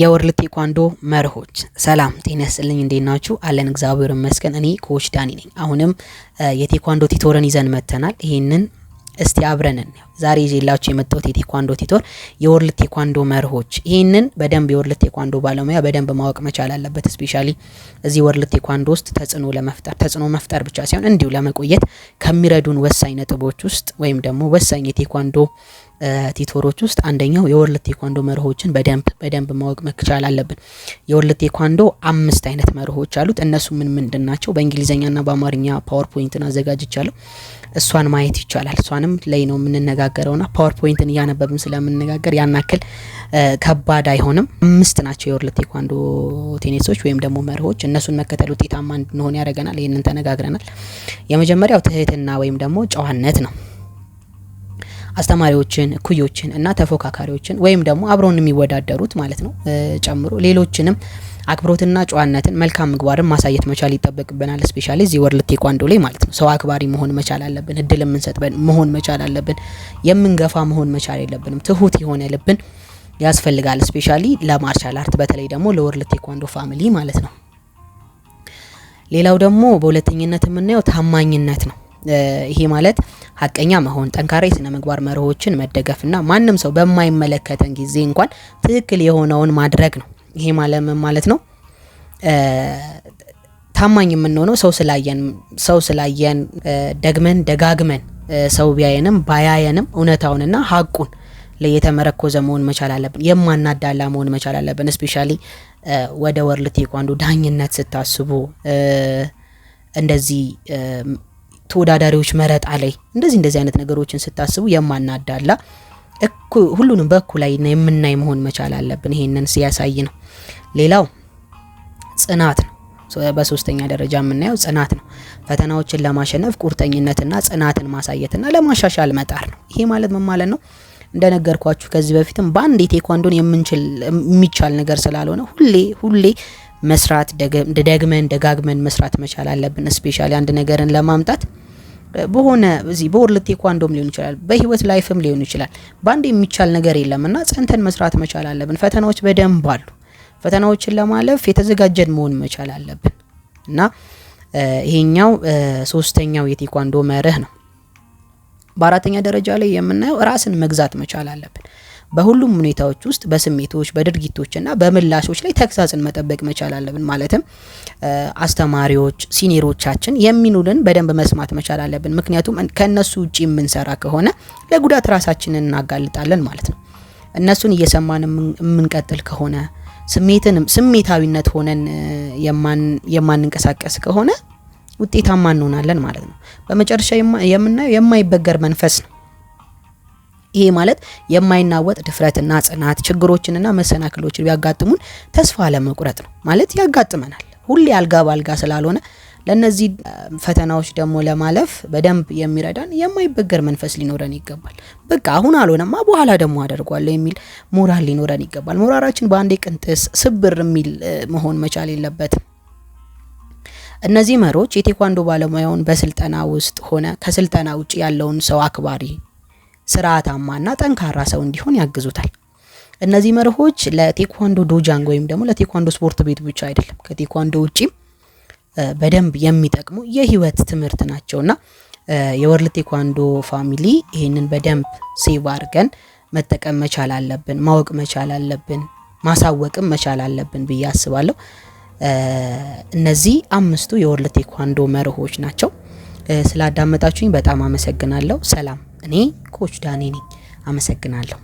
የወርልድ ቴኳንዶ መርሆች። ሰላም ጤና ያስጥልኝ፣ እንዴት ናችሁ? አለን እግዚአብሔር ይመስገን። እኔ ኮች ዳኒ ነኝ። አሁንም የቴኳንዶ ቲቶርን ይዘን መጥተናል። ይህንን እስቲ አብረንን ዛሬ ይዤላችሁ የመጣሁት የቴኳንዶ ቲቶር የወርልድ ቴኳንዶ መርሆች። ይህንን በደንብ የወርልድ ቴኳንዶ ባለሙያ በደንብ ማወቅ መቻል አለበት። ስፔሻሊ እዚህ ወርልድ ቴኳንዶ ውስጥ ተጽዕኖ ለመፍጠር ተጽዕኖ መፍጠር ብቻ ሳይሆን እንዲሁ ለመቆየት ከሚረዱን ወሳኝ ነጥቦች ውስጥ ወይም ደግሞ ወሳኝ የቴኳንዶ ቲቶሮች ውስጥ አንደኛው የወርልድ ቴኳንዶ መርሆችን በደንብ በደንብ ማወቅ መቻል አለብን። የወርልድ ቴኳንዶ አምስት አይነት መርሆች አሉት። እነሱ ምን ምንድን ናቸው? በእንግሊዝኛና በአማርኛ ፓወርፖይንትን አዘጋጅቻለሁ። እሷን ማየት ይቻላል። እሷንም ላይ ነው የምንነጋገረውና ፓወርፖይንትን እያነበብን ስለምንነጋገር ያን ያክል ከባድ አይሆንም። አምስት ናቸው የወርልድ ቴኳንዶ ቴኔሶች ወይም ደግሞ መርሆች። እነሱን መከተል ውጤታማ እንድንሆን ያደርገናል። ይህንን ተነጋግረናል። የመጀመሪያው ትህትና ወይም ደግሞ ጨዋነት ነው። አስተማሪዎችን፣ እኩዮችን እና ተፎካካሪዎችን ወይም ደግሞ አብረውን የሚወዳደሩት ማለት ነው ጨምሮ ሌሎችንም አክብሮትና ጨዋነትን መልካም ምግባርን ማሳየት መቻል ይጠበቅብናል። ስፔሻሊ እዚህ ወርልድ ቴኳንዶ ላይ ማለት ነው። ሰው አክባሪ መሆን መቻል አለብን። እድል የምንሰጥበን መሆን መቻል አለብን። የምንገፋ መሆን መቻል የለብንም። ትሁት የሆነ ልብን ያስፈልጋል። ስፔሻሊ ለማርሻል አርት በተለይ ደግሞ ለወርልድ ቴኳንዶ ፋሚሊ ማለት ነው። ሌላው ደግሞ በሁለተኝነት የምናየው ታማኝነት ነው። ይሄ ማለት ሀቀኛ መሆን፣ ጠንካራ የስነ ምግባር መርሆችን መደገፍና ማንም ሰው በማይመለከተን ጊዜ እንኳን ትክክል የሆነውን ማድረግ ነው። ይሄ ማለት ምን ማለት ነው ታማኝ የምንሆነው ሰው ስላየን ሰው ስላየን ደግመን ደጋግመን ሰው ቢያየንም ባያየንም እውነታውንና ሀቁን ላይ የተመረኮዘ መሆን መቻል አለብን። የማናዳላ መሆን መቻል አለብን። እስፔሻሊ ወደ ወርልድ ቴኳንዶ ዳኝነት ስታስቡ እንደዚህ ተወዳዳሪዎች መረጣ ላይ እንደዚህ እንደዚህ አይነት ነገሮችን ስታስቡ የማናዳላ ሁሉንም በኩል ላይ የምናይ መሆን መቻል አለብን። ይሄንን ሲያሳይ ነው። ሌላው ጽናት ነው። በሶስተኛ ደረጃ የምናየው ጽናት ነው። ፈተናዎችን ለማሸነፍ ቁርጠኝነትና ጽናትን ማሳየትና ለማሻሻል መጣር ነው። ይሄ ማለት ምን ማለት ነው? እንደነገርኳችሁ ከዚህ በፊትም በአንድ ቴኳንዶን የምንችል የሚቻል ነገር ስላልሆነ ሁሌ ሁሌ መስራት ደግመን ደጋግመን መስራት መቻል አለብን። ስፔሻሊ አንድ ነገርን ለማምጣት በሆነ እዚህ በወርልድ ቴኳንዶም ሊሆን ይችላል፣ በህይወት ላይፍም ሊሆን ይችላል። በአንድ የሚቻል ነገር የለም እና ጸንተን መስራት መቻል አለብን። ፈተናዎች በደንብ አሉ። ፈተናዎችን ለማለፍ የተዘጋጀን መሆን መቻል አለብን እና ይሄኛው ሶስተኛው የቴኳንዶ መርህ ነው። በአራተኛ ደረጃ ላይ የምናየው ራስን መግዛት መቻል አለብን። በሁሉም ሁኔታዎች ውስጥ በስሜቶች በድርጊቶችና በምላሾች ላይ ተግሳጽን መጠበቅ መቻል አለብን። ማለትም አስተማሪዎች፣ ሲኒሮቻችን የሚኑልን በደንብ መስማት መቻል አለብን። ምክንያቱም ከእነሱ ውጭ የምንሰራ ከሆነ ለጉዳት ራሳችንን እናጋልጣለን ማለት ነው። እነሱን እየሰማን የምንቀጥል ከሆነ ስሜትንም ስሜታዊነት ሆነን የማንንቀሳቀስ ከሆነ ውጤታማ እንሆናለን ማለት ነው። በመጨረሻ የምናየው የማይበገር መንፈስ ነው። ይሄ ማለት የማይናወጥ ድፍረትና ጽናት ችግሮችንና መሰናክሎችን ቢያጋጥሙን ተስፋ አለመቁረጥ ነው ማለት ያጋጥመናል። ሁሌ አልጋ ባልጋ ስላልሆነ ለእነዚህ ፈተናዎች ደግሞ ለማለፍ በደንብ የሚረዳን የማይበገር መንፈስ ሊኖረን ይገባል። በቃ አሁን አልሆነማ በኋላ ደግሞ አደርጓለሁ የሚል ሞራል ሊኖረን ይገባል። ሞራራችን በአንዴ ቅንጥስ ስብር የሚል መሆን መቻል የለበትም። እነዚህ መሮች የቴኳንዶ ባለሙያውን በስልጠና ውስጥ ሆነ ከስልጠና ውጭ ያለውን ሰው አክባሪ ስርዓታማና ጠንካራ ሰው እንዲሆን ያግዙታል። እነዚህ መርሆች ለቴኳንዶ ዶጃንግ ወይም ደግሞ ለቴኳንዶ ስፖርት ቤት ብቻ አይደለም፣ ከቴኳንዶ ውጪም በደንብ የሚጠቅሙ የህይወት ትምህርት ናቸውና የወርልድ ቴኳንዶ ፋሚሊ ይህንን በደንብ ሴቭ አድርገን መጠቀም መቻል አለብን፣ ማወቅ መቻል አለብን፣ ማሳወቅም መቻል አለብን ብዬ አስባለሁ። እነዚህ አምስቱ የወርልድ ቴኳንዶ መርሆች ናቸው። ስላዳመጣችሁኝ በጣም አመሰግናለሁ። ሰላም እኔ ኮች ዳኔ ነኝ። አመሰግናለሁ።